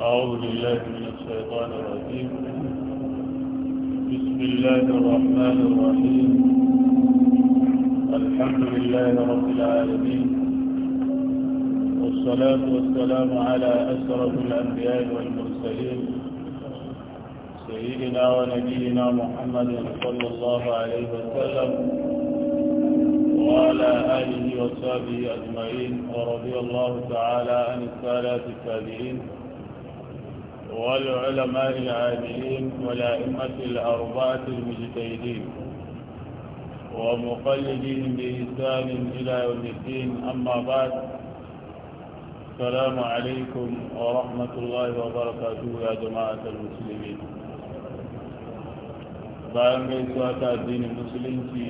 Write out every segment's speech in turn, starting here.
أعوذ بالله من الشيطان الرجيم بسم الله الرحمن الرحيم الحمد لله رب العالمين والصلاة والسلام على أشرف الأنبياء والمرسلين سيدنا ونبينا محمد صلى الله عليه وسلم وعلى آله وصحبه أجمعين ورضي الله تعالى عن السادات التابعين والعلماء العاديين والأئمة الأربعة المجتهدين ومقلدين بإحسان إلى يوم الدين أما بعد السلام عليكم ورحمة الله وبركاته يا جماعة المسلمين بعد gaisuwa الدين المسلم في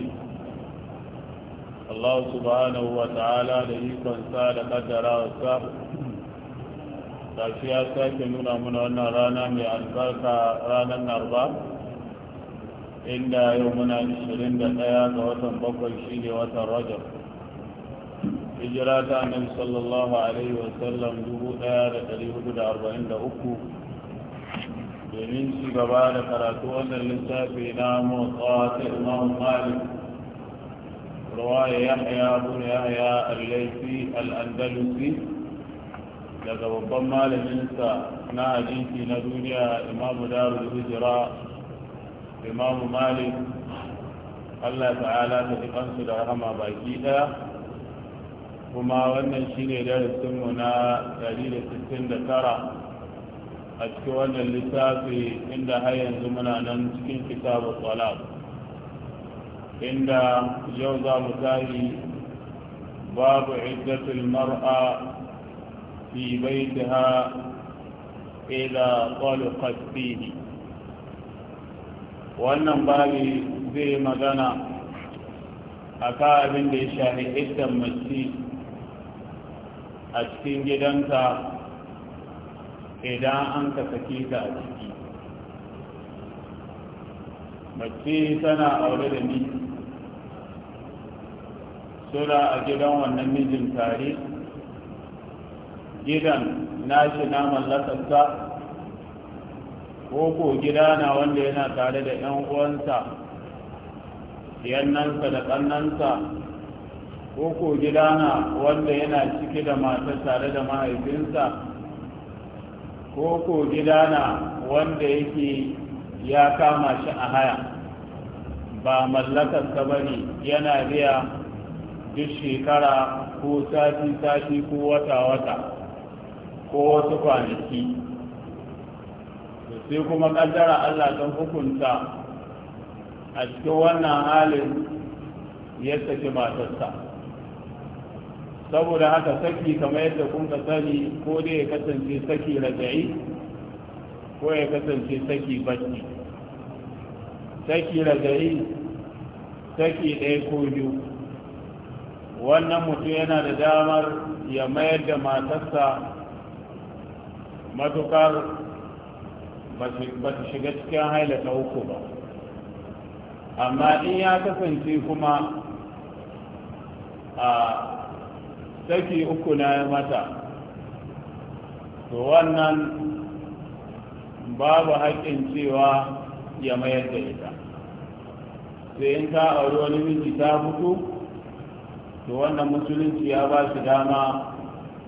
الله سبحانه وتعالى لديكم سالة ikonsa da tashi ya sake nuna mana wannan rana mai albarka ranar narba inda yau muna 21 ga watan bakwai shi ne watan rajab hijira ta annabi sallallahu alaihi wasallam 1443 domin ci gaba da karatu wannan littafi na motsa ta imam malik رواية يحيى بن laifi الليثي الأندلسي daga babban malaminsa na hadisi na duniya imamu darul hijira imamu malik allah ta'ala ta ji da rahama baki daya kuma wannan shine darasinmu na 169 a cikin wannan littafi inda har yanzu muna nan cikin kitabu salat inda yau za mu tashi babu iddatul mar'a في بيتها إذا طلقت فيه wannan babi zai magana a ka abin da ya shahi idan mace a cikin gidanta idan an ka ta a ciki mace tana aure da ni sura a gidan wannan mijin tare gidan nashi na mallakarsa ko ko gida na wanda yana tare da 'yan uwansa yannansa da ƙannansa ko ko gida na wanda yana cike da mata tare da mahaifinsa ko ko gida na wanda yake ya kama shi a haya ba mallakarsa ba ne yana biya duk shekara ko sati-sati ko wata-wata ko wasu kwanaki sai kuma kaddara Allah don hukunta a cikin wannan halin ya saki matarsa saboda haka saki kamar yadda kun ka sani ko dai ya kasance saki raja'i ko ya kasance saki bacci saki raja'i saki ɗaya ko biyu wannan mutum yana da damar ya mayar da matarsa matukar ba su shiga cikin haila uku ba amma in ya kasance kuma a saki uku na mata to wannan babu haƙƙin cewa ya mayar da ita sai in ta auri wani miji ta mutu to wannan musulunci ya ba shi dama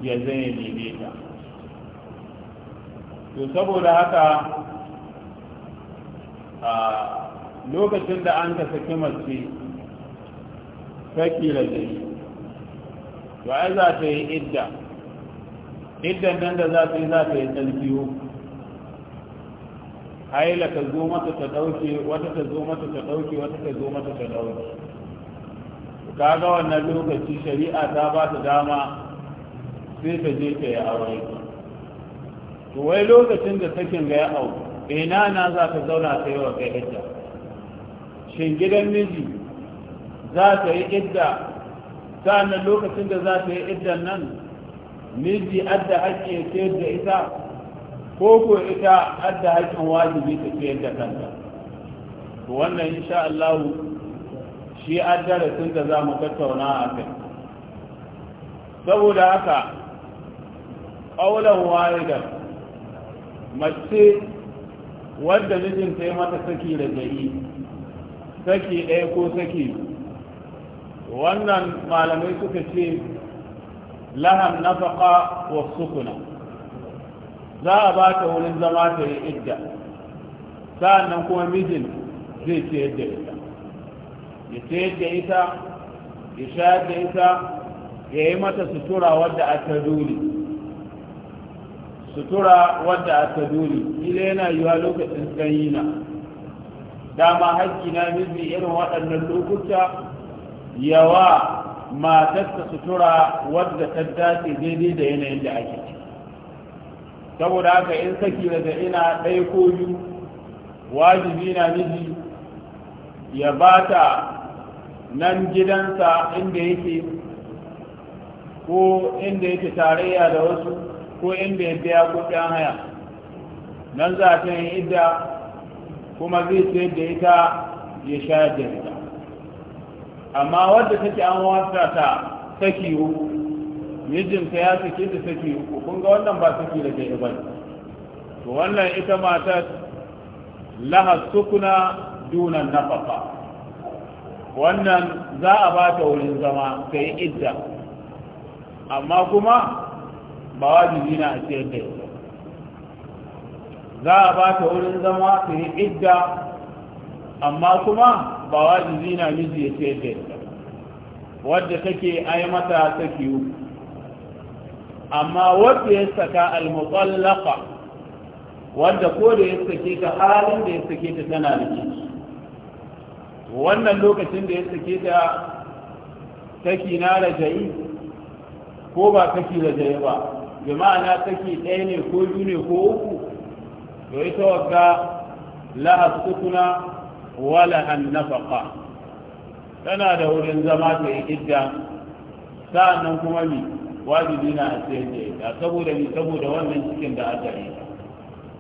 ya zai neme ta to saboda haka a lokacin da an ka saki mace saki da jini to ai za ta yi idda iddan nan da za ta yi za ta yi tsarkiyo haila ka zo mata ta ɗauke wata ta zo mata ta dauke wata ta zo mata ta ɗauke ga wannan lokaci shari'a ta ba ta dama sai ta je ta yi aure to wai lokacin da sakin ga ya ina na za ka zauna ta yi wa kai hajja shin gidan miji za ta yi idda sa'annan lokacin da za ta yi iddan nan miji adda hakki ya ce da ita ko ko ita adda haƙƙin wajibi ta ce da kanta to wannan insha Allah shi tun da za mu tattauna a kai saboda haka ƙaunar wahidar mace wadda mijinta ya mata saki da za'i, saki ɗaya ko saki wannan malamai suka ce lahan nafaka wa sukuna za a ba ta wurin zama ta yi idda sa'annan kuma mijin zai ce yadda ita ya ce da ita ya sha da ita ya yi mata sutura wadda aka dole sutura wadda aka dole ila yana yiwa lokacin sanyi na dama haƙƙi na mizi irin waɗannan lokuta yawa matarsa sutura wadda ta dace daidai da yanayin da ake ciki saboda haka in saki daga ina ɗaya ko biyu wajibi na miji ya ba ta nan gidansa inda yake ko inda yake tarayya da wasu ko inda ya biya kuɗin haya nan za ta yi idda kuma zai sayar da ita ya shayar da ita amma wadda take an wasa ta saki uku mijinta ya sake da saki uku kun ga wannan ba saki da kai ba to wannan ita matar lahas sukuna dunan nafafa wannan za a ba ta wurin zama ta yi idda amma kuma ba wajibi na a ciyar da za a ba ta wurin zama su yi idda amma kuma ba wajibi na miji ya ciyar da ita wadda take ai mata ta uku amma wadda ya saka almutsallaka wadda ko da ya sake ta halin da ya sake ta tana da ke wannan lokacin da ya sake ta da na rajayi ko ba saki rajayi ba bi ma'ana kashi ɗaya ne ko biyu ne ko uku to ita wagga laha sukuna wala an nafaqa tana da wurin zama ta yi idda sa'annan kuma mi wajibi na a sayar da saboda mi saboda wannan cikin da aka yi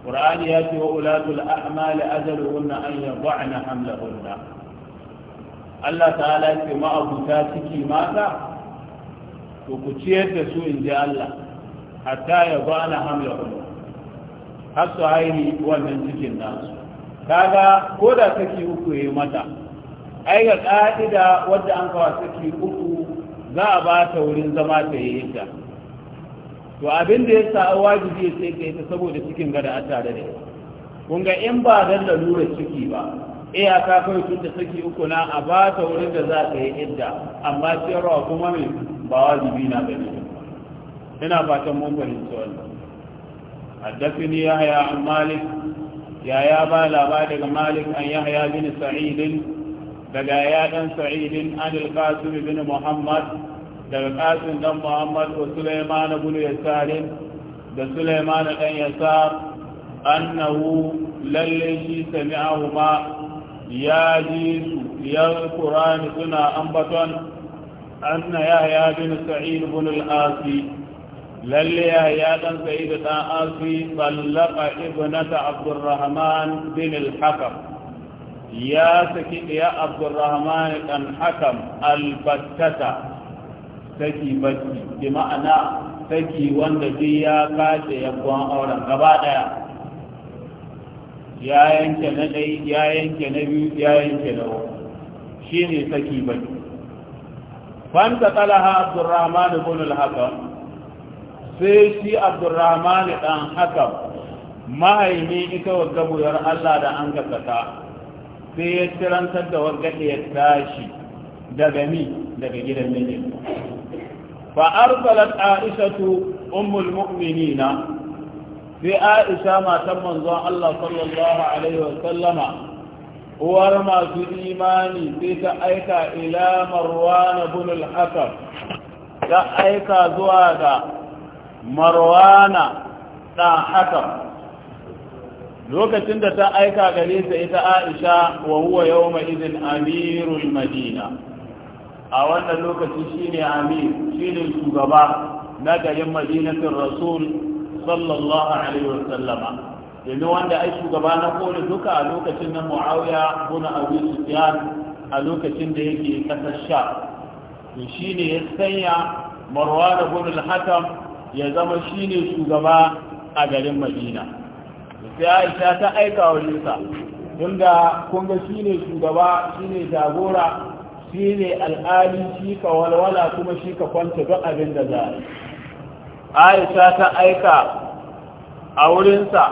qur'ani ya ce wa ulatul a'mali ajaluhunna an yad'ana hamlahunna Allah ta'ala ce ma'abuta ciki mata to ku ciyar da su in ji Allah hatta ya bana hamlahu har su haini wannan cikin nasu kaga ko da saki uku ya yi mata ai ga ka'ida wadda an kawo saki uku za a ba ta wurin zama ta yi ita to abin da ya sa wajibi ya sai ka ta saboda cikin gada a tare da kun ga in ba dan lura ciki ba eh, ka kai tun da saki uku na a ba ta wurin da za ta yi idda amma ciyarwa kuma me ba wajibi na gani ina fatan mun fahimci wannan haddathani yahya an malik ya ya ba labari daga malik an yahya bin sa'id daga ya dan sa'id an al-qasim bin muhammad daga qasim dan muhammad wa sulaiman bin yasar da sulaiman dan yasar annahu lalle shi sami'ahu ma ya ji su ya qur'ani suna ambaton anna yahya bin sa'id bin al-asi lalle ya dan sayi da dan asi sallaka ibnata abdurrahman bin al-hakam ya saki ya abdurrahman dan hakam al-battata saki bacci bi ma'ana saki wanda duk ya kace yabon auren gaba daya ya yanke na ɗai ya yanke na biyu ya yanke na uku shi ne saki bacci fanta talaha abdurrahman bin al-hakam sai shi abdurrahman dan hakam mahaimi ita wa buyar Allah da an gaskata sai ya tirantar da wagga ya tashi daga ni daga gidan mijin fa arsalat aishatu ummul mu'minina sai aisha matan manzon Allah sallallahu alaihi wa sallama uwar masu imani sai ta aika ila marwan ibn al-hakam ta aika zuwa ga marwana ɗan haka. lokacin da ta aika gare ta ita aisha wa huwa yau mai izin amirul madina a wannan lokaci shine amir ne shugaba na garin madinatin rasul sallallahu alaihi wasallama domin wanda ai shugaba na kone duka a lokacin na muawiya buna abu sufyan a lokacin da yake kasar sha shi ne ya sanya marwan ibn al-hakam ya zama shi ne shugaba a garin madina sai aisha ta aika wajensa Inda kun shi ne shugaba shi shine jagora ne al'ali shi ka walwala kuma shi ka kwanta duk abin da za aisha ta aika a wurinsa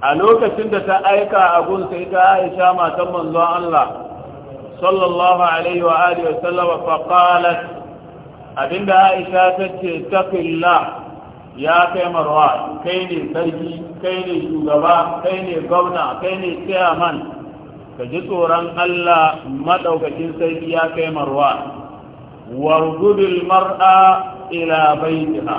a lokacin da ta aika a gunsa ita aisha matan manzon Allah sallallahu alaihi wa wa sallama faqalat abinda aisha ta ce taqilla ya kai marwa kai ne sarki kai ne shugaba kai ne gwamna kai ne chairman ka ji tsoron Allah madaukakin sarki ya kai marwa wargudul mar'a ila baitiha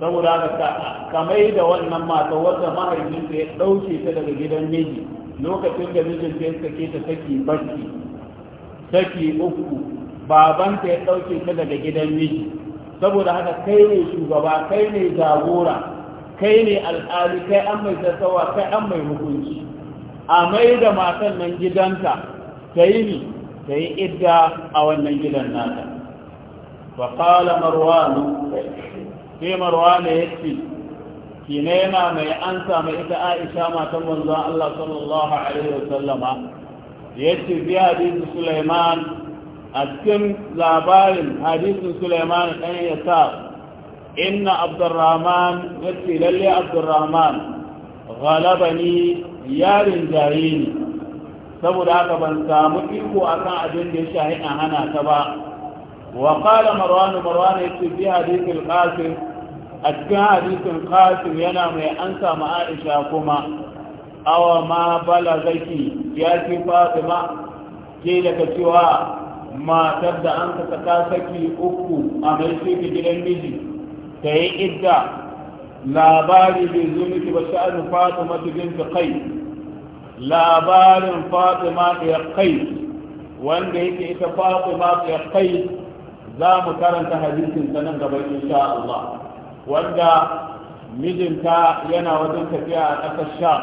saboda haka kamai da wannan mata wata mahaifinta ya ɗauke ta daga gidan miji lokacin da mijin ta sake ta saki barci saki uku babanta ya ɗauke ta daga gidan miji saboda haka kai ne shugaba kai ne jagora kai ne alƙali kai an mai sassawa, kai an mai hukunci a mai da matan nan gidanta ta yi ni ta yi idda a wannan gidan nata fa qala marwanu sai marwanu ya ce yana mai ansa mai ita aisha matan manzon Allah sallallahu alaihi wasallama yace bi hadisi Sulaiman a cikin labarin hadisin Sulaiman ɗan yasa inna Abdurrahman yace lalle Abdurrahman ni yarin jaye ne saboda haka ban samu iko akan abin da ya shahi a hana ta ba wa qala marwan ya yace bi hadisin qasim a cikin hadisin qasim yana mai ansa ma Aisha kuma awa ma bala zaki ya ce fatima ke daga cewa matar da an ka ta saki uku a mai ta gidan miji ta yi idda labari bai zo miki ba sha'anu fatima binta kai labarin fatima ya kai wanda yake ita fatima ya kai za mu karanta hadisin ta nan gaba insha Allah wanda mijinta yana wajen tafiya a ƙasar sha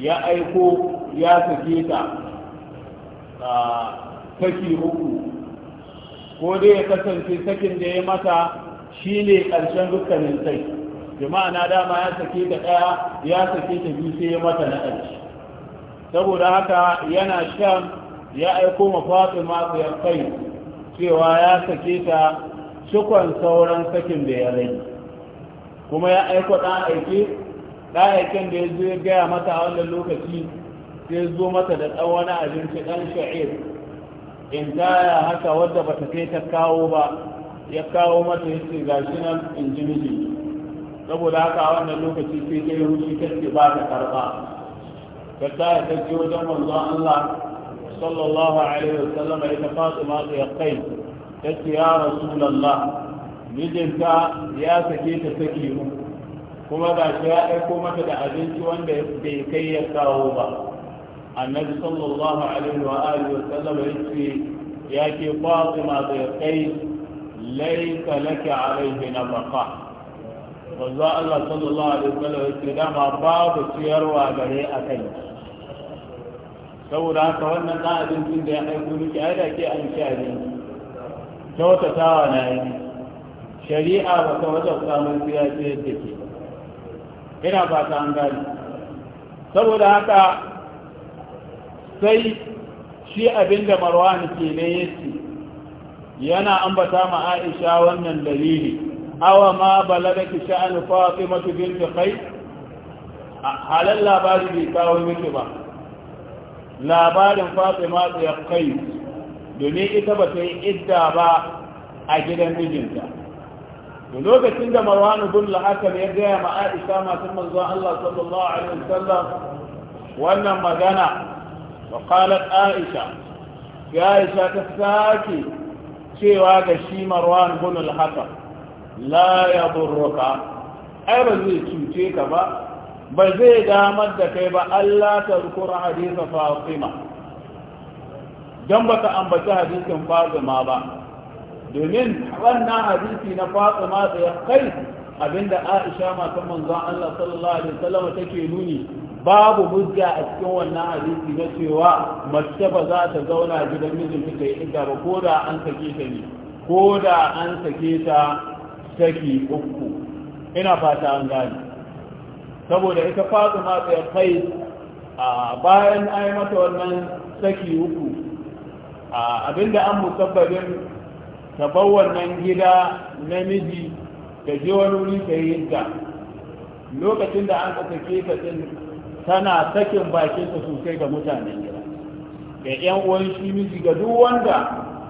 ya aiko ya sake ta ah, saki uku ko dai ya kasance sakin da ya mata shine ƙarshen dukkanin sai jama'a na dama ya sake ta ɗaya ya sake ta biyu sai ya mata na ƙarshe saboda haka yana shan ya aiko ma masu ya kai cewa ya sake ta cikon sauran sakin da ya rai kuma ya aiko ɗan aiki ɗan aiken da ya zo ya gaya mata a wannan lokaci sai zo mata da ɗan wani abinci ɗan sha'ir in taya haka wadda ba ta kai ta kawo ba ya kawo mata ya ce gashi nan in ji miji saboda haka a wannan lokaci sai ta yi hushi ta ce ba ta karba ta taya ta ce wajen manzon Allah sallallahu alaihi wasallam ita Fatima ta kai ta ce ya Rasulullah mijinta ya sake ta saki mu kuma gashi ya aiko mata da abinci wanda bai kai ya kawo ba النبي صلى الله عليه وآله وسلم يسفي ياتي فاطمة بيقين ليس لك عليه نفقة وزاء الله صلى الله عليه وسلم يسفي دام أباب السير وأبهي أكل سورا كوانا قائد من دي حيث لك أيضا كي أنشاهد سوى تتاوانا شريعة وسوى تتاوانا سياسية دي هنا فاتان قال سورا كوانا sai shi abinda marwan ke ne yake yana ambata ma aisha wannan dalili awa ma balagaki sha'anu fatimatu binti qais halal labari bai kawo miki ba labarin fatima ya qais domin ita ba ta yi idda ba a gidan mijinta lokacin da marwan bin al ya gaya ma aisha masu manzon Allah sallallahu alaihi wasallam wannan magana فقالت عائشة يا عائشة تساكي cewa ga shi marwan bin al-hakam la ya ai ba zai cuce ka ba ba zai damar da kai ba Allah ta zukura hadisa fatima don ba ka ambaci hadisin fatima ba domin wannan hadisi na fatima da ya kai abinda aisha matan manzon Allah sallallahu alaihi wasallam take nuni babu hujja a cikin wannan hadisi na cewa mace ba za ta zauna gidan mijinta ta yi idda ba ko da an sake ta ne ko da an sake ta saki uku ina fata an gane saboda ita fatima ta kai a bayan ai mata wannan saki uku abinda an musabbabin bar wannan gida namiji ta je wani wuri ta yi idda lokacin da an sake ta din tana sakin su sosai ga mutanen gida ga yan uwan shi miji ga duk wanda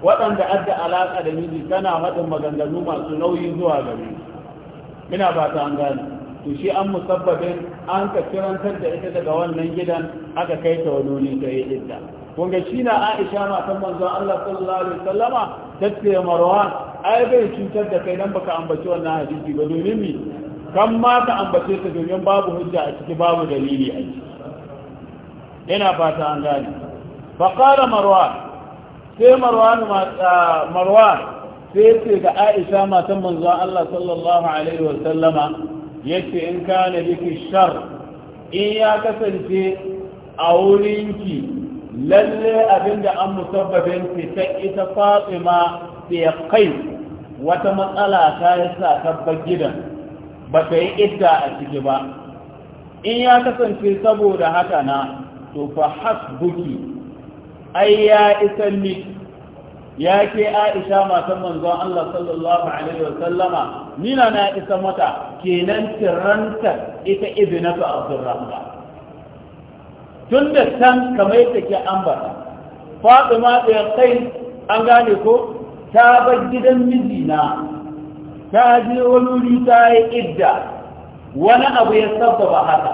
waɗanda adda alaƙa da miji tana haɗin maganganu masu nauyi zuwa gare muna ba ta an gane to shi an musabbabin an ka kirantar da ita daga wannan gidan aka kai ta wani wani ta yi idda kun ga shi na Aisha san manzon Allah sallallahu alaihi wasallama tattaye marwa ai bai cutar da kai dan baka ambaci wannan hadisi ba domin mi kan ma ka ambace ta domin babu hujja a ciki babu dalili a ciki ina fata an gane faƙara marwan sai marwan marwan sai ce ga aisha matan manzo Allah sallallahu alaihi wa sallama yace in kana biki shar in ya kasance a wurinki lalle abinda an musabbabin ta ita fatima sai kai wata matsala ta yi tabbar gidan ba ta yi idda a ciki ba in ya kasance saboda haka na to fa hasbuki ai ya isa ni. ya ke aisha masu manzon Allah sallallahu alaihi wa sallama nina na isa mata kenan tiranta ita ibnatu abdurrahman tun da san kamar yadda ke ambata fatima da kai an gane ko ta bar gidan mijina ta je wani ta yi idda wani abu ya sabbaba haka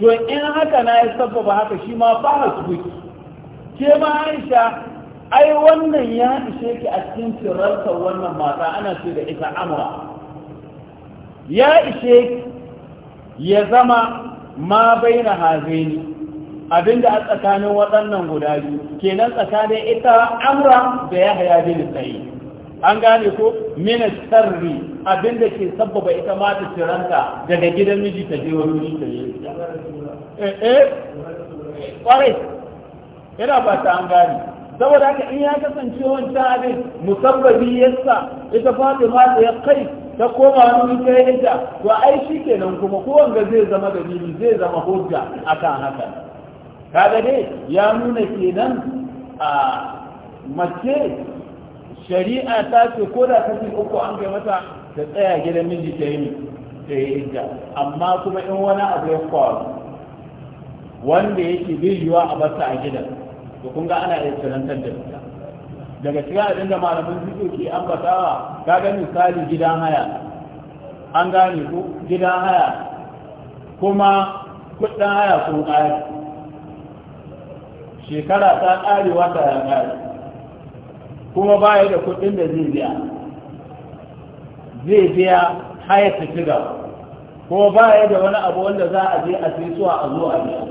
to in haka na ya sabbaba haka shi ma ba hasbuki ke ma aisha ai wannan ya ishe ki a cikin cirarsa wannan mata ana ce da ita amura. ya ishe ya zama ma bai na hazeni abinda a tsakanin waɗannan guda biyu kenan tsakanin ita amura da ya haya bin tsaye an gane ko mina sarri abinda ke sabbaba ita ma ta ciranta daga gidan miji ta je wani miji ta yi eh eh kwarai ina ba ta an gane saboda haka in ya kasance wancan abin musabbabi yasa ita fatima ta ya kai ta koma wani miji ya yanta to ai shi kenan kuma kowanga zai zama dalili zai zama hujja akan haka kaga dai ya nuna kenan a mace shari'a ta ce ko da kashi uku an ga mata ta tsaya gidan miji ta yi ta yi idda amma kuma in wani abu ya faru wanda yake bai yiwa a bata a gidan to kun ga ana iya tsanantar da ita daga cikin abin da malamin suke ke ambatawa ka ga misali gidan haya an gane ko gidan haya kuma kudin haya sun kare shekara ta ƙari wata ya kuma baya da kudin da zai biya zai biya haya ta ci gaba kuma baya da wani abu wanda za a je a sai suwa a zo a biya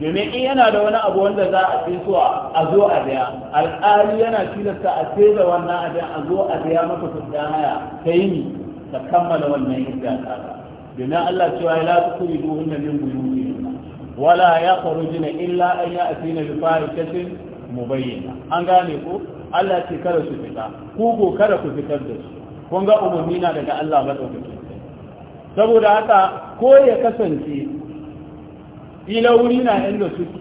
domin in yana da wani abu wanda za a sai suwa a zo a biya alƙali yana tilasta a sai da wannan abin a zo a biya maka kudin haya ta yi ni ta kammala wannan hijja ta domin Allah cewa ya kuri domin hunna min ne wala ya jina illa an na bi kashin mubayyana an gane ko Allah ce kada su fita ku kada ku fitar da su kun ga umarni na daga Allah madaukakin saboda haka ko ya kasance ila wuri na inda suke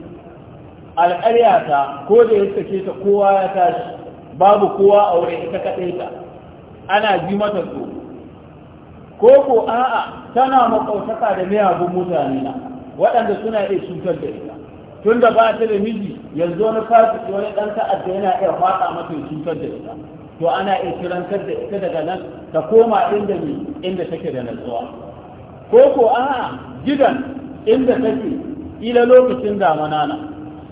alƙarya ta ko da ya sake ta kowa ya tashi babu kowa a wurin ita kaɗai ta ana ji mata so. ko ko a'a tana maƙautaka da miyagun mutane na waɗanda suna iya cutar da ita tun da ba ta da miji yanzu wani fasiki wani ɗan ta'adda yana iya faɗa mata ya cutar da ita to ana iya kirantar da ita daga nan ta koma inda ne inda take da natsuwa ko ko a gidan inda take ila lokacin damana na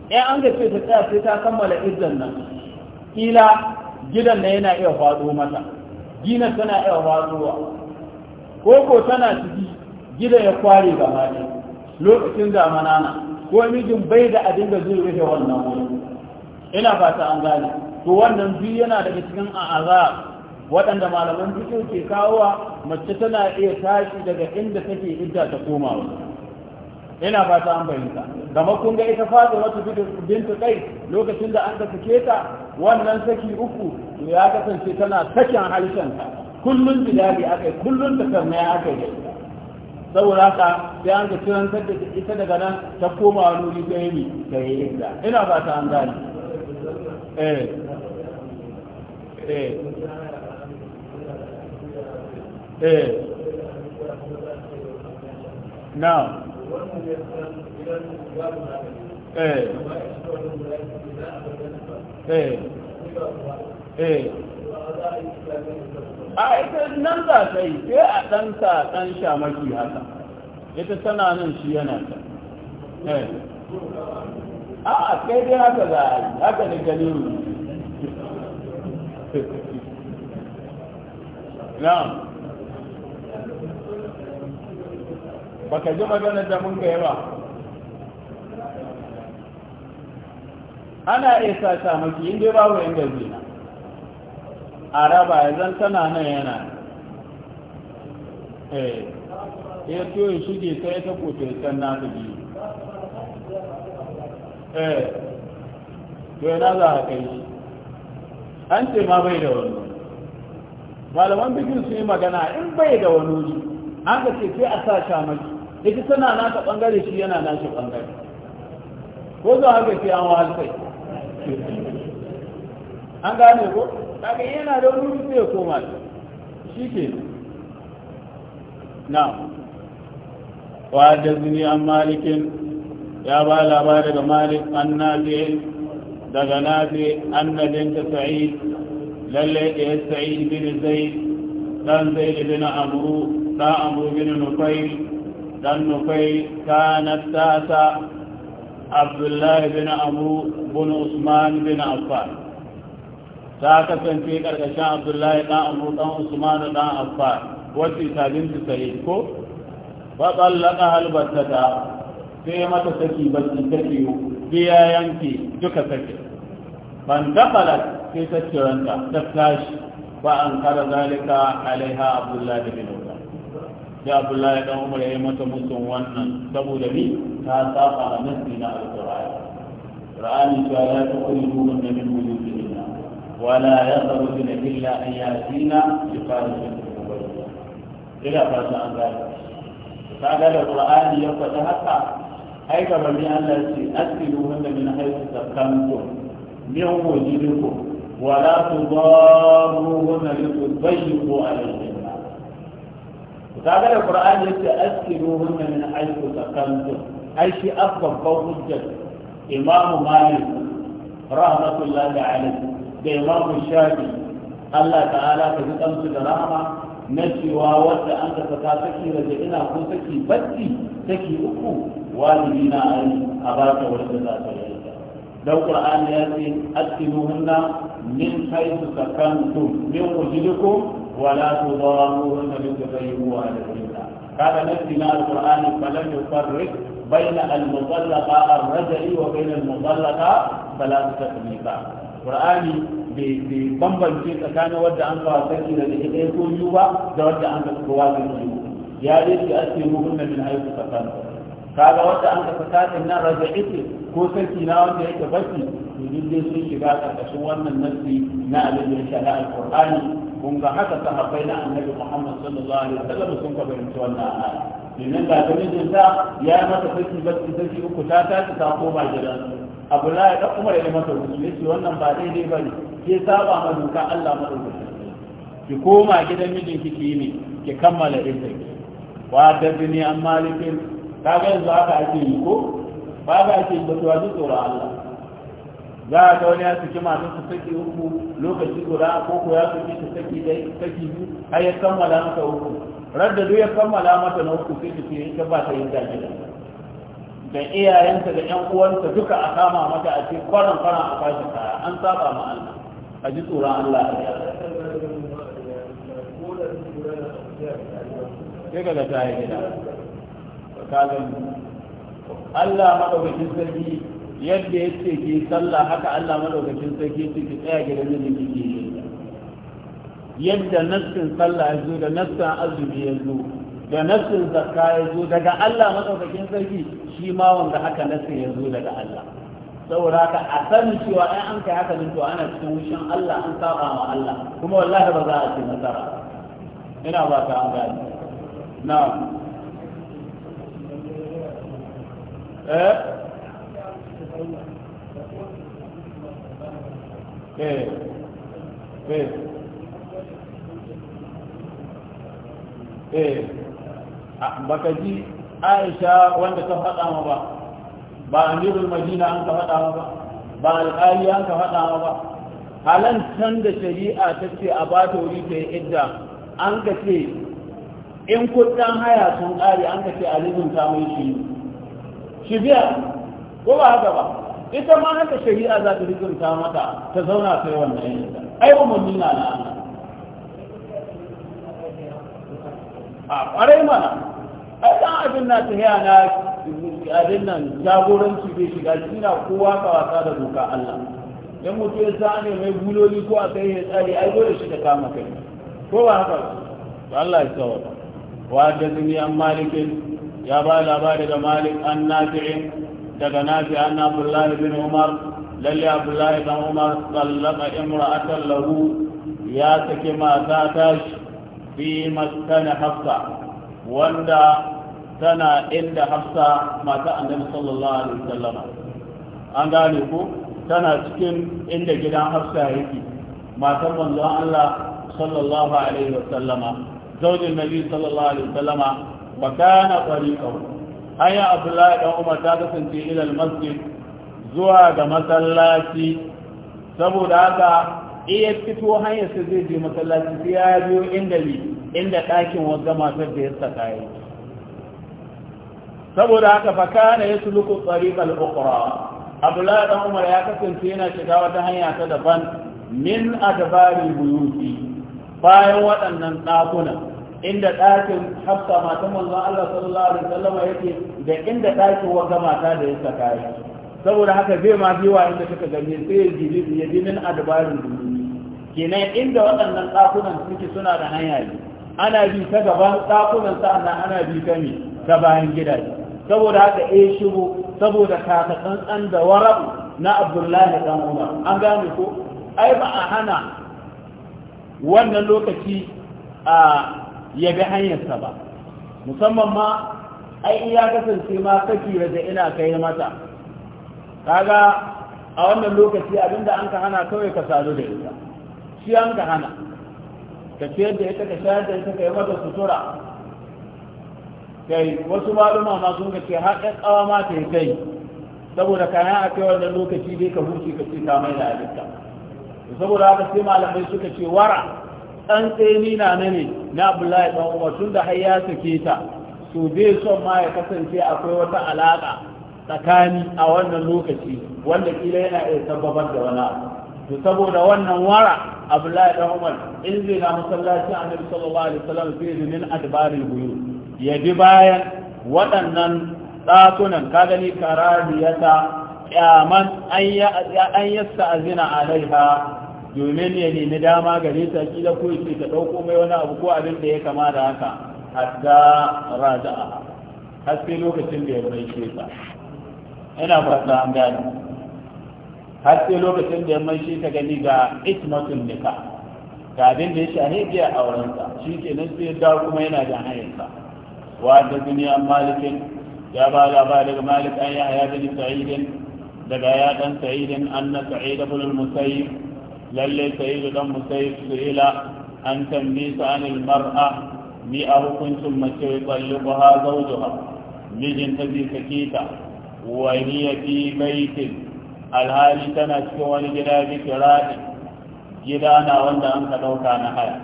ɗaya an ga ce ta tsaya sai ta kammala idan nan ila gidan na yana iya faɗo mata gina tana iya faɗowa ko ko tana ciki gidan ya kware gaba ɗaya lokacin damana na ko mijin bai da abin da zai rufe wannan wuri ina fata an gane to wannan biyu yana daga cikin a'aza waɗanda malaman cikin ke kawowa mace tana iya tashi daga inda take idda ta komawa ina fata an bayyana gama kun ga ita fadi wata bintu kai lokacin da an ka fice ta wannan saki uku ya kasance tana sakin harshen kullun bilali akai kullun takarna ya akai saboda haka sai an ga kirantar da ita daga nan ta koma wani wuri ta yi ta yi idda ina ba ta an gane eh eh eh na eh eh eh a ita nan za ta yi sai a ɗan sa ɗan shamaki haka ita tana nan shi yana ta eh. a a kai dai haka za a yi haka da gani na baka ji magana da mun kai ba ana iya sa shamaki inda babu inda zina a raba idan tana nan yana eh ya to ya shige sai ta koce san na su biyu eh to yana za a kai shi an ce ma bai da wani malaman bikin su yi magana in bai da wani wuri an ka ce sai a sa shamaki ita tana naka bangare shi yana nashi bangare ko za haka sai an wahalsai an gane ko kaga yana da wani sai ya koma shi ke na wa da zini an malikin ya ba labarin daga malik an nafi daga nafi an na ta sa'id lalle da ya sa'id bin zai dan zai bin amuru dan amuru bin nufai dan nufai kanat tasa abdullahi bin amuru bin usman bin affan ta kasance ƙarƙashin abdullahi ɗan abu ɗan usman ɗan affan wacce ta binti sa'id ko Ba tsallaka halbatata sai mata saki bacci ta biyu biya yanki duka saki ban dakala sai ta ciranta ta tashi ba an kara zalika alaiha abdullahi bin umar sai abdullahi dan umar ya yi mata mutum wannan saboda ni ta tsafa a nasi na alƙur'ani ra'ani ta ya ta kullu min ولا يخرجن إلا أن يأتين يخالفن قبول الله إلى فاتنا أن ذلك فقال القرآن يفتحك أي كما التي أسلوهن من حيث سكنتم من وجدكم ولا تضاروهن لتضيقوا عليهن فقال القرآن يأتي أسلوهن من حيث سكنتم أي شيء أكبر قول الجد إمام مالك رحمة الله عليه da imamu shafi Allah ta'ala ka fi ɗansu da rahama na cewa wadda an ka saka saki daga ina ko saki batti saki uku wajibi na a ba ta wadda za ta yi dan qur'ani ya ce atinuhunna min haythu sakantum min wujudukum wala tudaruhunna bi tabayyu wa alayhinna kada nafsi na alqur'ani falam yufarriq bayna almutallaqa arraj'i wa bayna almutallaqa fala tasmiqa qur'ani bai bambance tsakanin wadda an kawo sarki da take ɗaya ko biyu ba da wadda an ka kowa da biyu ya dai ce ake muhunna min haiku tsakanin kaga wadda an ka tsakanin nan raja'i ita ko sarki na wanda yake baki to duk dai sun shiga ƙarƙashin wannan nasi na abin da ya shafi alƙur'ani kun ga haka ta sahabbai na annabi muhammad sallallahu alaihi sallam sun ka fahimci wannan aya domin ga ta mijinta ya mata sarki bashi, sarki uku ta tashi ta koma gidansu abu la ya umar ya masa ya yace wannan ba daidai ba ne ke saba ma doka Allah madaukaki ki koma gidan mijinki ki ne ki kammala iddar wa da bini an ka ga yanzu haka ake yi ko ba ga ake yi ba to ji tsoron Allah za a ga wani ya saki masu su saki uku lokaci guda ko ko ya saki su saki dai saki biyu har ya kammala masa uku radda duk ya kammala mata na uku sai ta ce ita ba ta yin da gida. da iyayenta da ƴan uwanta duka a kama mata a ce kwanan kwanan a kwashe kaya an saba ma Allah a ji tsoron Allah a sai ka ga ta yi gida kagan Allah maɗaukacin sarki yadda ya ce ki sallah haka Allah maɗaukacin sarki ce ki tsaya gidan da ke yi yadda nassin sallah ya zo da nassin azumi ya zo da nassin zakka ya zo daga Allah madaukakin sarki shi ma wanda haka nassin ya zo daga Allah saboda haka a sani cewa ai an kai haka to ana cikin wushin Allah an saba ma Allah kuma wallahi ba za a ci nasara ina ba ta an gani na'am eh eh eh eh baka ji aisha wanda ta faɗa ma ba ba amirul madina an ka faɗa ma ba ba alƙali an ka faɗa ma ba san da shari'a ta ce a ba ta wuri ta idda an ka ce in kudin haya sun kare an ka ce a ta mai shi shi biya ko ba haka ba ita ma haka shari'a za ta rikinta mata ta zauna sai yawan da ai umarni na na a ƙwarai mana a ɗan abin na ta haya na abin nan jagoranci bai shiga shi na kowa ka wasa da doka Allah dan mutu ya sa ne mai buloli ko a kai ya tsari ai dole shi ta kama kai ko ba haka ba? Allah ya tsawo wa da zuni an malikin ya ba labari da malik an nafi'in daga nafi an abdullahi bin umar lalle abdullahi bin umar tsallaka imra'atan lahu ya saki mata ta shi fi maskana hafsa wanda tana inda hafsa mata annabi sallallahu alaihi wasallam an gane ko tana cikin inda gidan hafsa yake matar manzon Allah sallallahu alaihi wasallam zaujin nabi sallallahu alaihi wasallam wa kana tariqahu aya abdullahi dan umar ta kasance ila masjid zuwa ga masallaci saboda haka iya fito hanyar sai zai je masallaci sai ya biyo inda ne inda ɗakin wanga matar da ya saka yi saboda haka fakana ya suluku tsari ukura abdullahi da umar ya kasance yana shiga wata hanya ta daban min adabari buyuti bayan waɗannan ɗakuna inda ɗakin hafsa matan manzon Allah sallallahu alaihi wasallam yake da inda ɗakin wanga mata da ya saka yi saboda haka zai ma biwa inda suka gani sai ya jibi ya ji min adabarin buyuti kenan inda waɗannan ɗakunan suke suna da hanya ne ana bi ta gaban ɗakunan sa'annan ana bi ta ne ta bayan gidaje saboda haka eh shigo saboda tsantsan da warabu na abdullahi dan umar an gane ko ai ba a hana wannan lokaci a bi hanyarsa ba musamman ma ai iya kasance ma kafi da ina kai mata kaga a wannan lokaci abinda an ka hana kawai ka sadu da ita shi an ka hana ka da ita ka shayar da ita ka yi mata sutura kai wasu maluma ma sun ka ce haɗin ƙawa ma ta yi kai saboda kayan a kai wannan lokaci dai ka huce ka ce ta mai da halitta saboda haka sai malamai suka ce wara ɗan tsaye na ne na abdullahi ɗan umar tun da har ya sake ta to bai son ma ya kasance akwai wata alaƙa tsakani a wannan lokaci wanda kila yana iya tabbabar da wani abu to saboda wannan wara abdullahi da umar in zai na masallaci annabi sallallahu alaihi wasallam fi min adbaril buyut ya bi bayan waɗannan ɗakunan ka gani karabiyata kyaman an yasta a alaiha domin ya nemi dama gare ta kila ko ce ta ɗauko mai wani abu ko abin da ya kama da haka hatta raja'a har lokacin da ya bai ta ina fata an gane har sai lokacin da ya mai ta gani ga ismatun nika ga abin da ya shahidi a aurensa shi ke nan sai da kuma yana da hanyarsa wa da duniya malikin ya ba labari daga malik an yi haya bin sa'idin daga ya dan sa'idin anna sa'id ibn al-musayyib lalle sa'id dan musayyib su'ila an tambayi sa anil mar'a ni a hukuncin mace ha zawjuha mijin ta zai sake ta wa ya fi baitin alhali tana cikin wani gida bikira gida na wanda an ka ɗauka na haya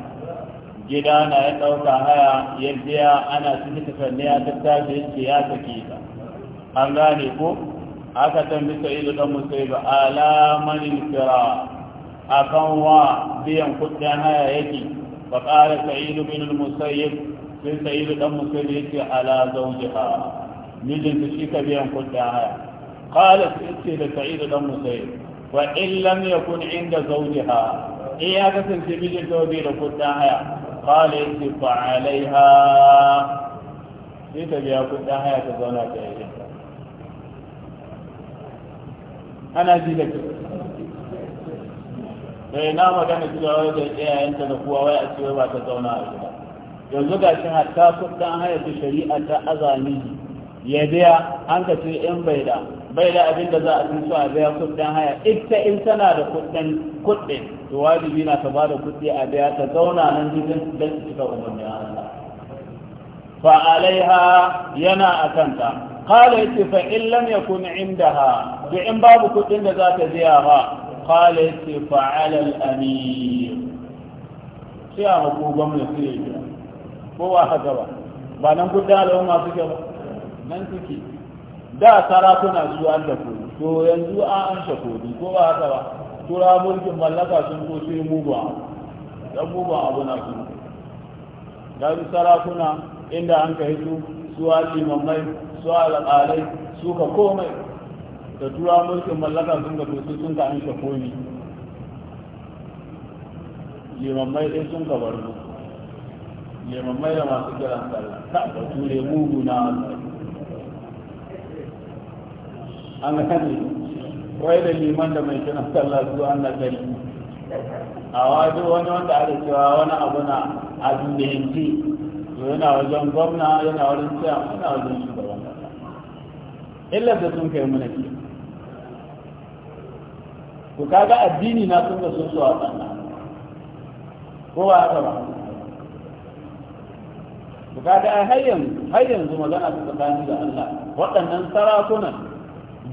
gida na ya ɗauka haya ya biya ana cikin tafanne ya tattace yake ya sake ta an gane ko aka tambi sa'idu dan musai ba alamanin kira akan wa biyan kuɗin haya yake fa qala sa'idu bin al-musayyib sai sa'idu dan musai yake ala zawjiha mijin shi ka biyan kuɗin haya قالت اتي لسعيد بن سيد وإن لم يكن عند زوجها إياك تنسبيل لقد لكتاها قال اتي فعليها ita biya قد haya ta zauna أنا yi ana na magana cewa wai da iyayenta da kuwa wai a cewa ba ta zauna a gida yanzu ga shi hatta kudin haya ta shari'a ta azami ya biya an ka ce in bai da bai da abin da za a su a biya kuɗin haya ita in tana da kuɗin kuɗin to wajibi na ta bada kuɗi a biya ta zauna nan cikin don su cika umarnin Allah fa alaiha yana a kanta qala yace fa in lam yakun indaha to in babu kuɗin da za ta biya ha qala yace fa ala al amir sai a hako gwamnati ya ko ba haka ba ba nan kuɗin al'umma suke ba nan suke da sarakuna su an da kodi to yanzu an an sha kodi ko ba haka ba tura mulkin mallaka sun ko sai ba dan ba abu na su da sarakuna inda an kai su su ali mamai su a su ka komai da tura mulkin mallaka sun ka sai sun ka an sha kodi mamai dai sun ka bar mu mamai da masu kiran sallah ta ba ture mugu na Allah an gani wai da liman da mai kina sallah su an na gari a wajen wani wanda aka cewa wani abu na a duniyanci yana wajen gwamna yana wajen tsaya yana wajen shugaban kasa illar da sun kai muna ke ku kaga addini na sun ga sun so a tsana ko ba haka ba ku kaga a har yanzu magana su tsakani da Allah waɗannan sarakunan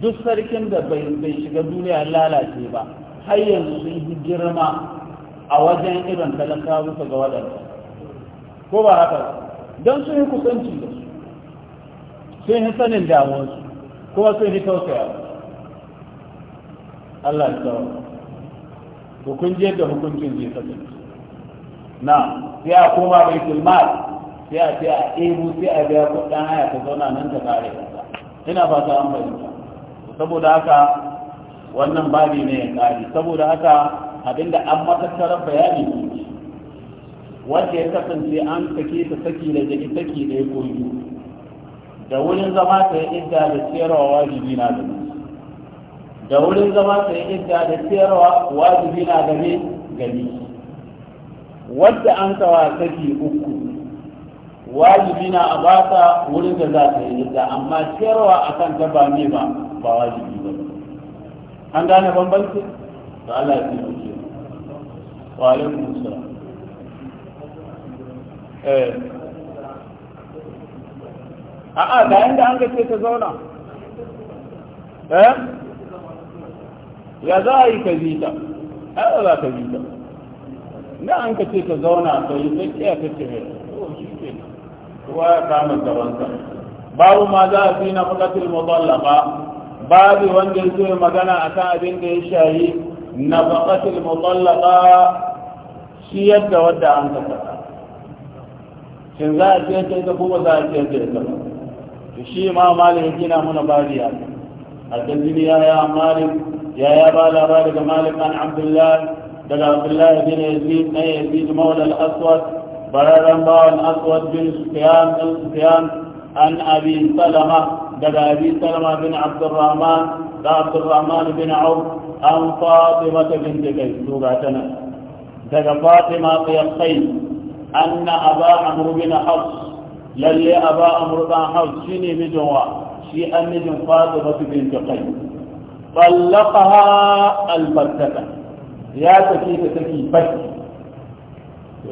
duk sarkin da bai shiga duniya lalace ba har yanzu sun yi girma a wajen irin talaka bisa ga waɗanda ko ba haka don sun yi kusanci da su sun yi sanin damuwarsu kuma sun yi tausaya Allah ya tsawo hukunje da hukuncin zai kasance na sai a koma bai filmar sai a ce a ebu sai a biya kuɗin haya ta zauna nan ta kare ina ba ta an bayyana saboda haka wannan babi ne ya kare saboda haka abinda an matattarar bayani wanda ya kasance an sake ta saki da jiki saki da ya koyi da wurin zama ta yi idda da tserawa wajibi na da da wurin zama ta yi idda da tserawa wajibi na da ne gani wadda an kawa saki uku wajibi na a ta wurin da za ta yi da amma ciyarwa a kan ta ba ne ba ba wajibi ba an gane bambanci ba Allah ya tsoro ce wa alaikum assalam eh a'a ga inda an gace ta zauna eh ya za a yi ka bi ta ai za ka bi ta na an ka ce ta zauna to yi tsakiya kiyaye ta ce kowa ya kama gabansa babu ma za a fi na fakatil mutallaka babu wanda ya yake magana akan abin da ya shayi na fakatil mutallaka shi yadda wadda an kasa shin za a ciyar da ita ko ba za a ciyar da ita ba shi ma malik ya gina mana bariya a tanzini ya ya malik ya ya ba labari daga malik an abdullah daga abdullah bin yazid na yazid maula al-aswad بلدن بان اسود بن سفيان بن سفيان عن ابي سلمه دبا ابي سلمه بن عبد الرحمن عبد الرحمن بن عوف عن فاطمه بنت كيس سوراتنا دبا فاطمه قيقين ان ابا عمرو بن حفص للي ابا عمرو بن حفص شني بجوا شي ان من فاطمه بنت كيس طلقها البتة يا تكي تكي بتي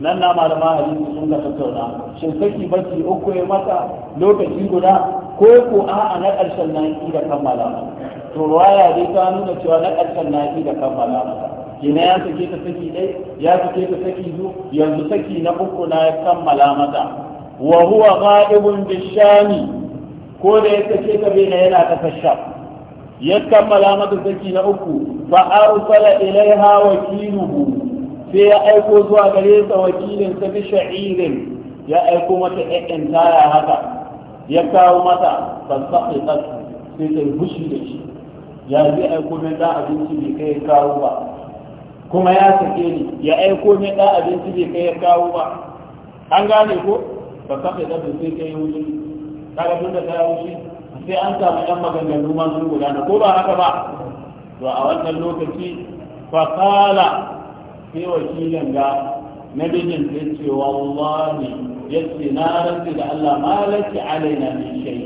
nan na malama a jikin sun ga tattauna shin saki bacci uku ya mata lokaci guda ko ko a na ƙarshen na yi da kammala to ruwaya dai ta nuna cewa na ƙarshen na yi da kammala kina ya sake ta saki ɗaya? ya sake ta saki zu yanzu saki na uku na ya kammala mata wa huwa ghaibun bishani ko da ya sake ta bai yana ta sham ya kammala mata saki na uku fa arsala ilaiha wakiluhu sai ya aiko zuwa gare sa wakilin sa bi sha'irin ya aiko mata ƴaƴan taya haka ya kawo mata fasafi tsaki sai ta bushi da shi ya zai aiko min da abinci bai kai kawo ba kuma ya sake ni ya aiko min da abinci bai kai kawo ba an gane ko da tsaki sai ta yi wuce kaga tun da ta wuce sai an samu ɗan maganganu masu gudana ko ba haka ba to a wannan lokaci fasala sai wakilin ga nabijin ta ce wallahi ya ce na rantsi da Allah ma laki alaina min shay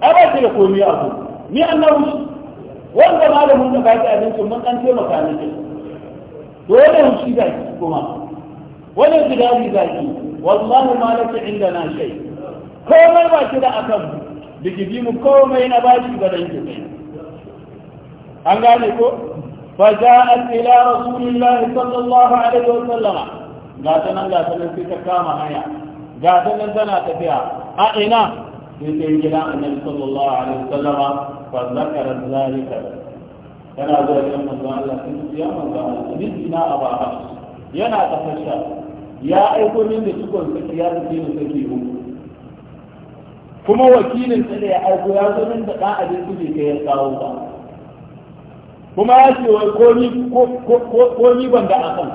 ai ba shi da komai abu ni an annabi wanda malamin da baki abinci mun dan taimaka miki to wannan shi da kuma wannan gidari zaki wallahi ma laki indana shay komai ba shi da akan digidi mu komai na baki ga danki an gane ko فجاءت إلى رسول الله صلى الله عليه وسلم قاتنا قاتنا في تكامة هيا قاتنا سنة فيها أئنا في سيدنا النبي صلى الله عليه وسلم فذكرت ذلك كان هذا اليوم الله لكن يا الله نجنا أبا حفص ينا تفشى يا أيكم من تكون سكيات دين سكيه كما وكيل سنة أو قيادة من دقاء دين سكيه يساوه kuma ya ce wai ko ni ban da akan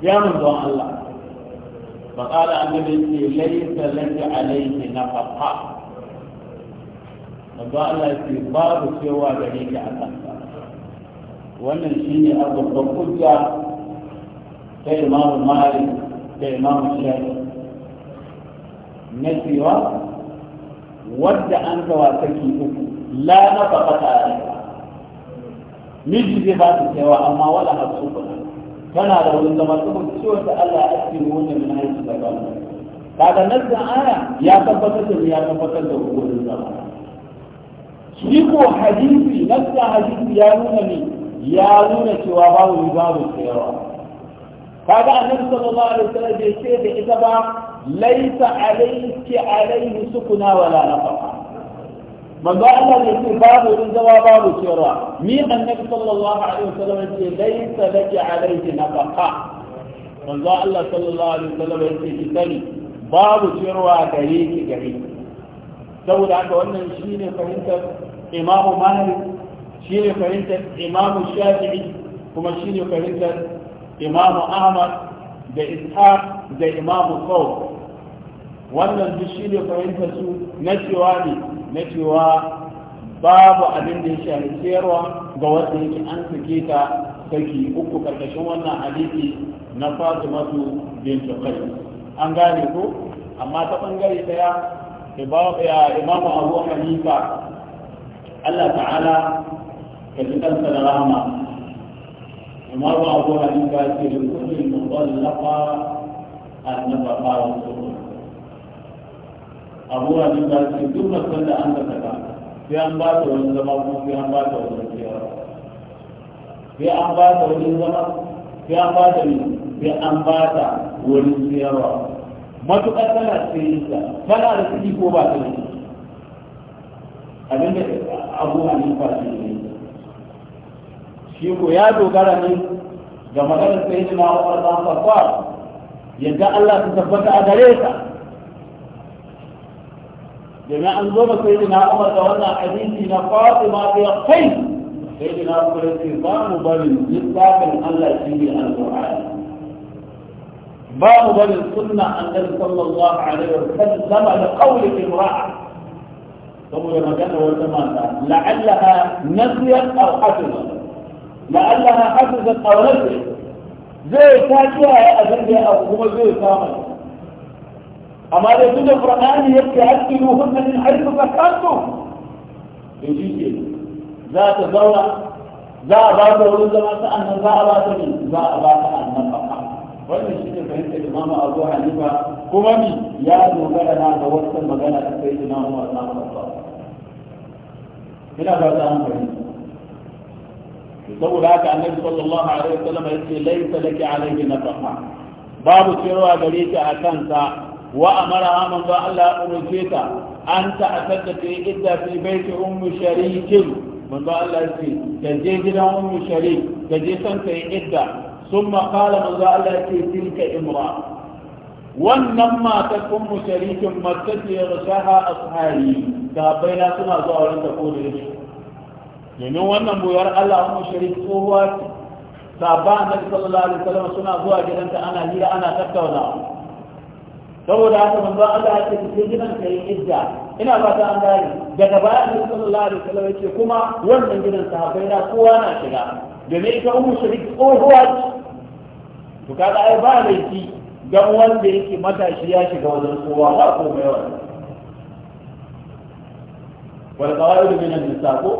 ya manzon Allah fa qala annabi ce laysa laka alayhi nafaqa manzon Allah ce babu cewa gare ka akan wannan shi ne abubuwan hujja ta imamu mari, da imamu shafi na cewa wadda an gawa take uku la nafaqa ta alayhi miji zai ba su cewa amma wala ha su kuɗa tana da wani zama saboda ciwon da Allah ya ake wanda min haihu da ba kaga nan da aya ya tabbatar da ya tabbatar da wurin zama shi ko hadisi nan da hadisi ya nuna ne ya nuna cewa babu babu cewa kaga annabi sallallahu alaihi wasallam bai ce da ita ba laisa alayhi alayhi sukuna wala nafaqa manzo Allah ne ce babu in zama babu cewa ni annabi sallallahu alaihi wasallam ce laisa laki alaihi nafaqa manzo Allah sallallahu alaihi wasallam ce ki sani babu cewa gare ki gare saboda haka wannan shine fahimtar Imam Malik shine fahimtar Imam Shafi'i kuma shine fahimtar Imam Ahmad da Ishaq da Imam Qaw wannan duk shine fahimtar su na cewa ne na cewa babu abin da ya shafi sayarwa ga wanda yake an suke ta saki uku karkashin wannan hadisi na masu bintu kai. an gane ku. amma ta bangare ɗaya imamu Abu Hanifa Allah ta'ala ka ji kansa da rama imamu Abu Hanifa ce da kullum mutallaqa annabawa wa abuwa ne ba da su duk masu da an ka sai an ba ta wani zama ko sai an ba ta wani kewa sai an ba ta wani zama sai an ba ta sai an ba ta wani kewa matuƙar tana cikin ta tana da ciki ko ba ta da ciki abin da abu ba nan fashi ne shi ko ya dogara ne ga maganar sai na ma'aikata ta fa yadda Allah ta tabbata a gare ta. domin an zo da sai na umar da wannan hadisi na fatima da ya kai sai na umar ya ce ba mu barin littafin Allah shi ne alƙur'ani ba mu barin sunna annabi sallallahu alaihi wa sallam da qawli imra'a saboda magana wata mata la'allaha nasiyat aw hafizat la'allaha hafizat aw nasiyat zai ta kiyaye abin da ya abu kuma zai samu أما يقول القرآن يبكي قیاد من حيث میں يجي حریف کا کام تو بیجیے ذات ذوا ذا ذات اول ذوا سے ان ذا ذات من ذا ذات ان نفع ولی ابو حنيفة کومی یا جو بڑا نام بہت سے مگر هو جنا ہوا نام اللہ بلا ذات يقول هذا النبي صلى الله عليه وسلم يقول ليس لك عليه نفع باب شروع غریب اکان کا wa amara manzo Allah umurce ta an ta'addada ta yi idda fi baiti ummu sharikin manzo Allah ya ce ta je gidan ummu sharik ta je san ta yi idda summa qala manzo Allah ya ce tilka imra wannan matar ummu sharikin mace ce rasaha ashabi sahabbai na suna zuwa wurin ta ko da yake domin wannan buyar Allah ummu sharik tsohuwa sahabba annabi sallallahu alaihi wasallam suna zuwa gidanta ana hira ana tattaunawa saboda haka manzo Allah ya ce ke je gidan ka yi idda ina fata an gane daga baya Annabi sallallahu alaihi wasallam ya ce kuma wannan gidan sahabbai na kowa na shiga domin ita ummu shirik tsohuwa to kaga ai ba laifi dan wanda yake matashi ya shiga wajen kowa ba mai wani. wal qawaidu min an-nisa ko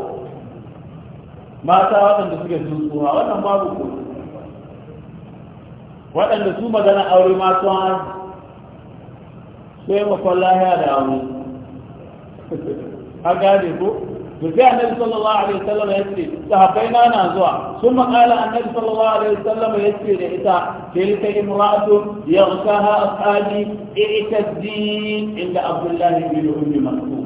mata waɗanda suke tsuntsuwa wannan babu ko waɗanda su magana aure ma su sai makon lahiya da amu a gane ko da sai annabi sallallahu alaihi wasallam ya ce sahabbai na na zuwa sun makala annabi sallallahu alaihi wasallam ya ce da ita tilka imra'atu yaghsaha ashabi i'taddi inda abdullahi bin ummi maktum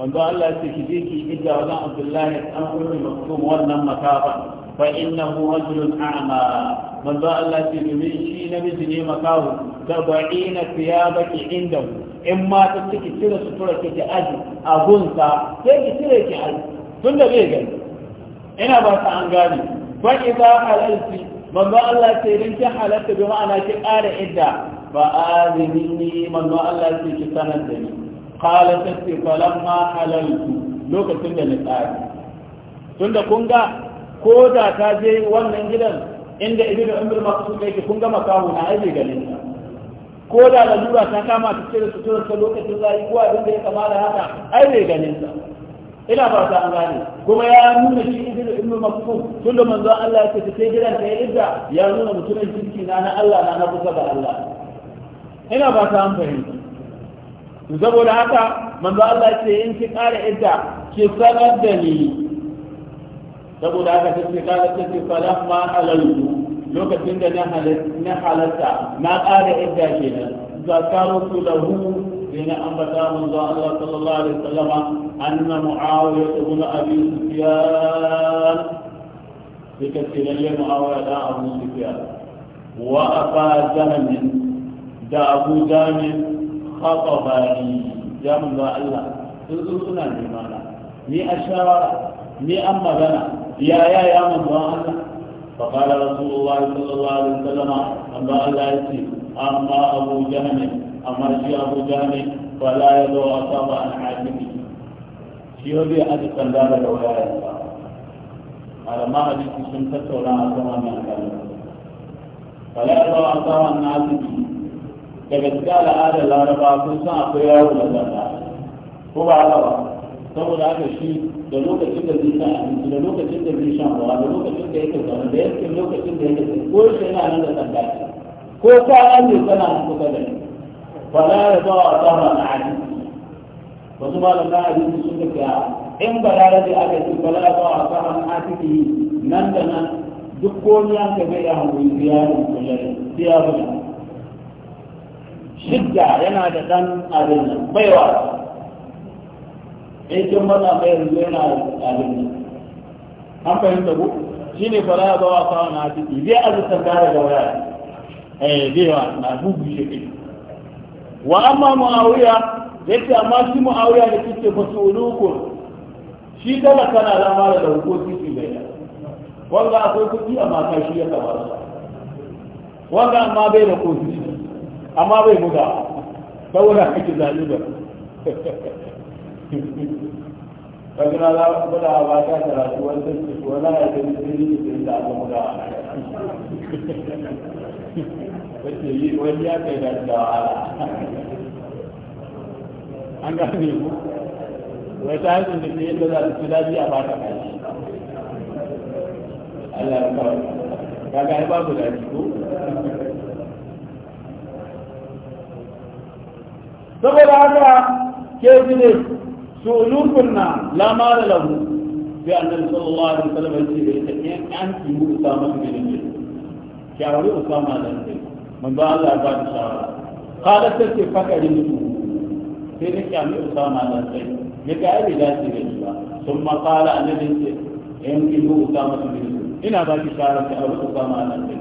wanda Allah ya ce ki je ki idda wajen abdullahi an ummi maktum wannan makafa fa innahu rajulun a'ma manzo Allah ce domin shi na miji ne makahu da ba'ina thiyabaki indahu in mata ciki cire sutura kike aji a gunsa sai ki cire ki aji tunda bai gani ina ba ta an gane fa idza halalti manzo Allah ce idan ki halalta bi ma'ana ki ƙara idda fa azini manzo Allah ce ki sanar da ni qala tasti falamma halaltu lokacin da ni tsari tunda kun ga ko da ta je wannan gidan inda da umar su yake kun gama kawo na aje ganin ta ko da lalura ta kama ta cire suturar ta lokacin zai kuwa abin da ya kama da haka ai bai ganin ta ina ba ta an gane kuma ya nuna shi ibnu ibnu maqsud tun da manzo Allah yake ta gidan ta yadda ya nuna mutumin jinki na na Allah na na kusa da Allah ina ba ta an fahimta saboda haka manzo Allah ce in ki kare idda ki sanar da ni saboda haka ta ce kala ta ce falan ma halaltu lokacin da na halatta na ƙara idda kenan zakaru lahu حين أنبت الله الله صلى الله عليه وسلم أن معاوية بن أبي سفيان بكثير لي معاوية لا أبو سفيان وأبا جهل دا أبو جهل خطبني جمع الله تلقوا سنة جمالا مي أشار مي أما بنا يا يا يا من الله فقال رسول الله صلى الله عليه وسلم أما الله يسي أما أبو جهل أما شي أبو جهل فلا يدعو أصاب عن حاكمه شي يبي أدي قلال الولاية على ما أدي سنتك ولا أصاب من حاكمه فلا يدعو أصاب عن حاكمه كذلك قال هذا الله kun san akwai yaro da zanga ko ba haka saboda haka shi da lokacin da zai sa abinci da lokacin da zai shan ruwa da lokacin da yake zaune da yake lokacin da yake zaune ko shi yana nan da sanda ko kwanan ne tana nan kusa da ni fala ya ba wa tsara na hadisi wasu malam na hadisi sun da kya in balarabe aka ce fala ya ba wa tsara na hadisi nan da nan duk komi an ka bai da hankali ziyarar kullum ziyarar shidda yana da dan abin nan baiwa in kin matsa mai yanzu yana abin an fahimta ku shi ne fara ya zawa sawa na ciki zai azurta gara da waya eh zai wa na bugu shi kai wa amma muawiya yace amma shi muawiya da kike fasulukun shi talaka na zama da hukoki su bai wanda akwai kuɗi a mata shi ya kamata wanda amma bai da kofi amma bai buga saboda kake zalibar kajina za kuma da ba ta karatu wani sarki ko na ya gani da sirri da aka wace yi wani ya kai da da wahala an hankali da ke yadda za su a bata kai Allah ya kawo ko saboda haka ke ne سلوكنا لا مال له بأن صلى mu عليه وسلم يقول أنت أسامة بن زيد شاوري أسامة بن زيد ba بقى الله بعد شاوري قالت تلك فكر sai na kyami usama na ne ya ga ai da shi da ba sun qala annabi ce in eh, kin mu usama su ne ina ba ki shara ta aure usama na sai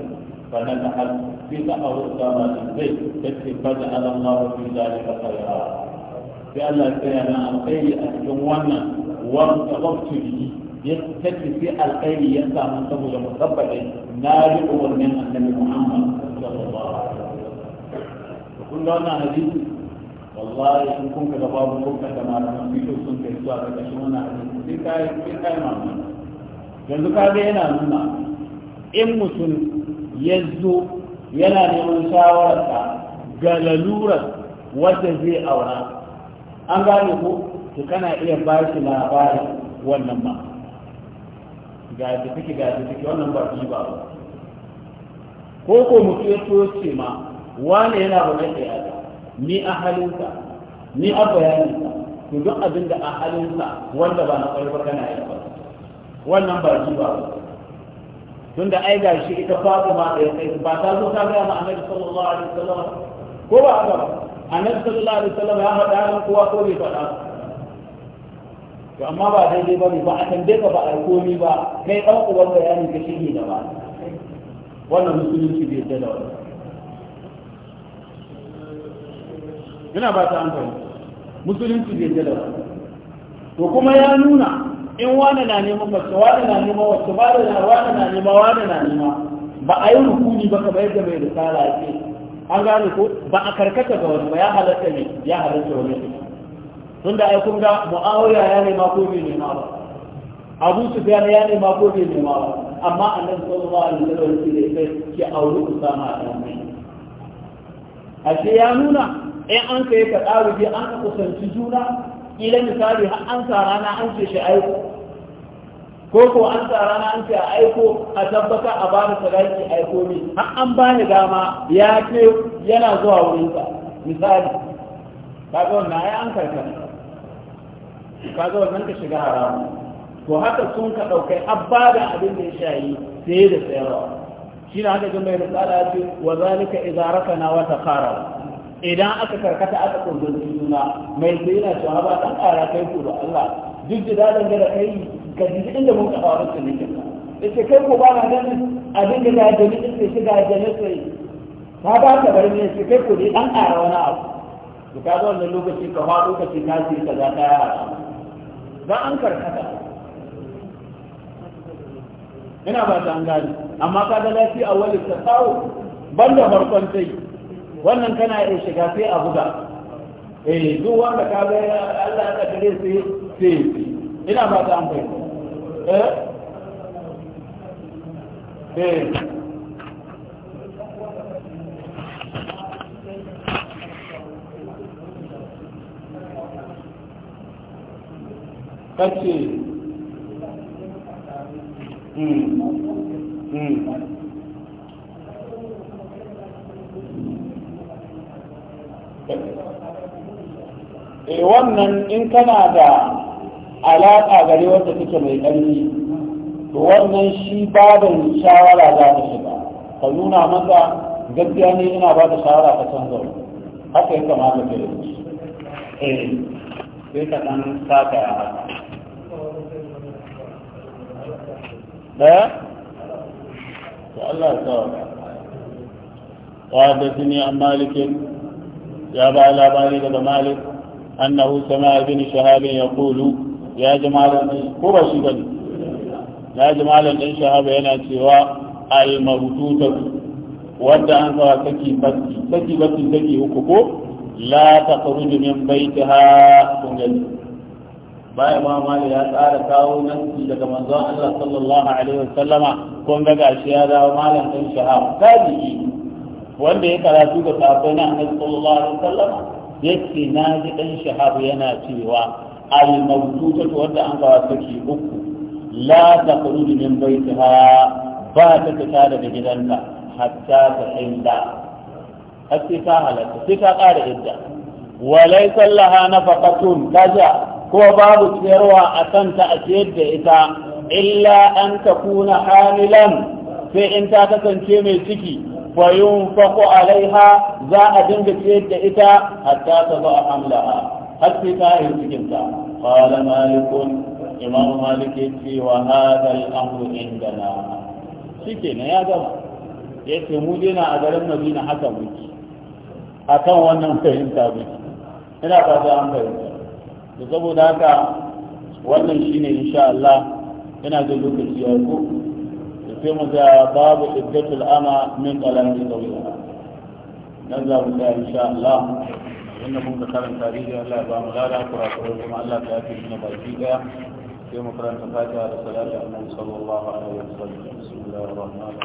fa na hal bi ta aure usama na sai ta ce fa da Allah fi zalika khaira sai Allah tsaya na alkhairi a cikin wannan wan tabaktu bihi ya tafi sai alkhairi ya samu saboda musabbatin na riƙo wannan annabi Muhammad sallallahu alaihi wasallam kun ga wannan hadisi wallahi in kun kaga babu kun kaga malaman fito sun kai zuwa ga kashin wannan hadisi sai kai sai kai mamaki yanzu kaga yana nuna in mutum ya zo yana neman shawararsa ga lalurar wadda zai aura an gane ko to kana iya ba shi labarin wannan ma ga da take ga da take wannan ba shi ba ko ko mutum ya so ce ma wane yana ba mai tsaya ni a halinsa ni a bayaninsa to duk abin da a halinsa wanda ba na ƙwarfa kana yi ba wannan ba shi ba tunda ai ga shi ita fatima da ya ba ta zo ta gaya ma annabi sallallahu alaihi wasallam ko ba haka ba annabi sallallahu alaihi wasallam ya faɗa ran kowa ko bai faɗa to amma ba daidai ba ne ba a tambaye ka ba a komi ba kai dan uban bayani ka shige da ba wannan musulunci bai yadda da wannan ina ba ta an musulunci bai yadda da wannan to kuma ya nuna in wani na neman mace wani na neman wacce wani na wani na neman wani na neman ba a yi rukuni ba ka kamar da mai risala ke. an gane ko ba a karkata ga wani ba ya halatta ne ya halatta wani ne tun da ai kun ga mu'awiya ya nema ko bai nema ba abu sufyan ya nema ko bai nema ba amma annabi sallallahu alaihi wasallam ya ke da ita ki auri usama dan mai ce ya nuna in an kai ka tsari an ka kusanci juna kila misali an sa rana an ce shi aiko ko ko an tsara na an ce a aiko a tabbata a bani sadaki aiko ne har an bani dama ya ce yana zuwa wurin ka. misali kaga wannan ai an ka kaga wannan ka shiga haramu to haka sun ka dauke abba da abin da ya shayi sai da tsayarwa. shi na haka jin mai tsara ya ce wa zalika idza rakana wa taqara idan aka karkata aka kundin juna mai sai yana cewa ba dan kara kai ku da Allah duk da dangane da kai ga jiki inda mun kafa wasu ne kinka yace kai ko ba na ganin abin da ga jami din sai shiga jami sai ta ba ka bar ne sai kai ko dai dan ƙara wani abu to ka zo wannan lokaci ka fa lokaci ka ci kaza ya yara dan an karkata ina ba ta an gani amma ka ga lafi a wani ta tsawo banda farkon sai wannan kana iya shiga sai a buga eh duk wanda ka ga Allah ya kaddare sai sai ina ba ta an fahimta Eh? eh kace hmm, hmm. Eh, wannan in kana da alaƙa gare wanda take mai ƙarfi to wannan shi babin shawara za ta shiga ka nuna masa gaskiya ne ina ba ta shawara ta canza haka ya kamata ka yi eh sai ka dan saka ɗaya to Allah ya tsawaka وحدثني عن مالك يا بقى الأباري مالك أنه سمع ابن شهاب يقول ya ji malam ko ba shi ba ne. ya ji malam ɗan shahaba yana cewa al-mabtuta wanda an sawa saki batti saki batti saki uku ko la takhruju min baitiha kun gani baya ma mali ya tsara kawo nan daga manzon Allah sallallahu alaihi wasallama kun ga gashi ya dawo malam ɗan shahaba tabi'i wanda ya karatu da sahabbai na Annabi sallallahu alaihi wasallama yake na ji ɗan shahabu yana cewa al-mawtutatu wanda an kawo saki uku la takhruju min baitiha ba ta fita daga gidanta hatta ta inda har sai ta halatta sai ta ƙara idda walai sallaha na nafaqatun kaza ko babu tsayarwa a kanta a ciyar da ita illa an takuna hamilan sai in ta kasance mai ciki fayun faƙo alaiha za a dinga ciyar da ita hatta ta zo a hamlaha har sai ta yi cikin ta qala malikun imam malik ya ce wa hadha al-amru indana ne ya gama yace mu dai na a garin Madina haka muke akan wannan fahimta muke ina fata an fahimta to saboda haka wannan shine insha Allah ina da lokaci ya ko sai mu ga babu iddatul ama min qalami dawila nan za mu ga insha Allah abinda mun karanta tarihi Allah ba mu lada kurakurai kuma Allah ta yafi shi na baki daya sai mu karanta fatiha da salatu annabi sallallahu alaihi wasallam bismillahir rahmanir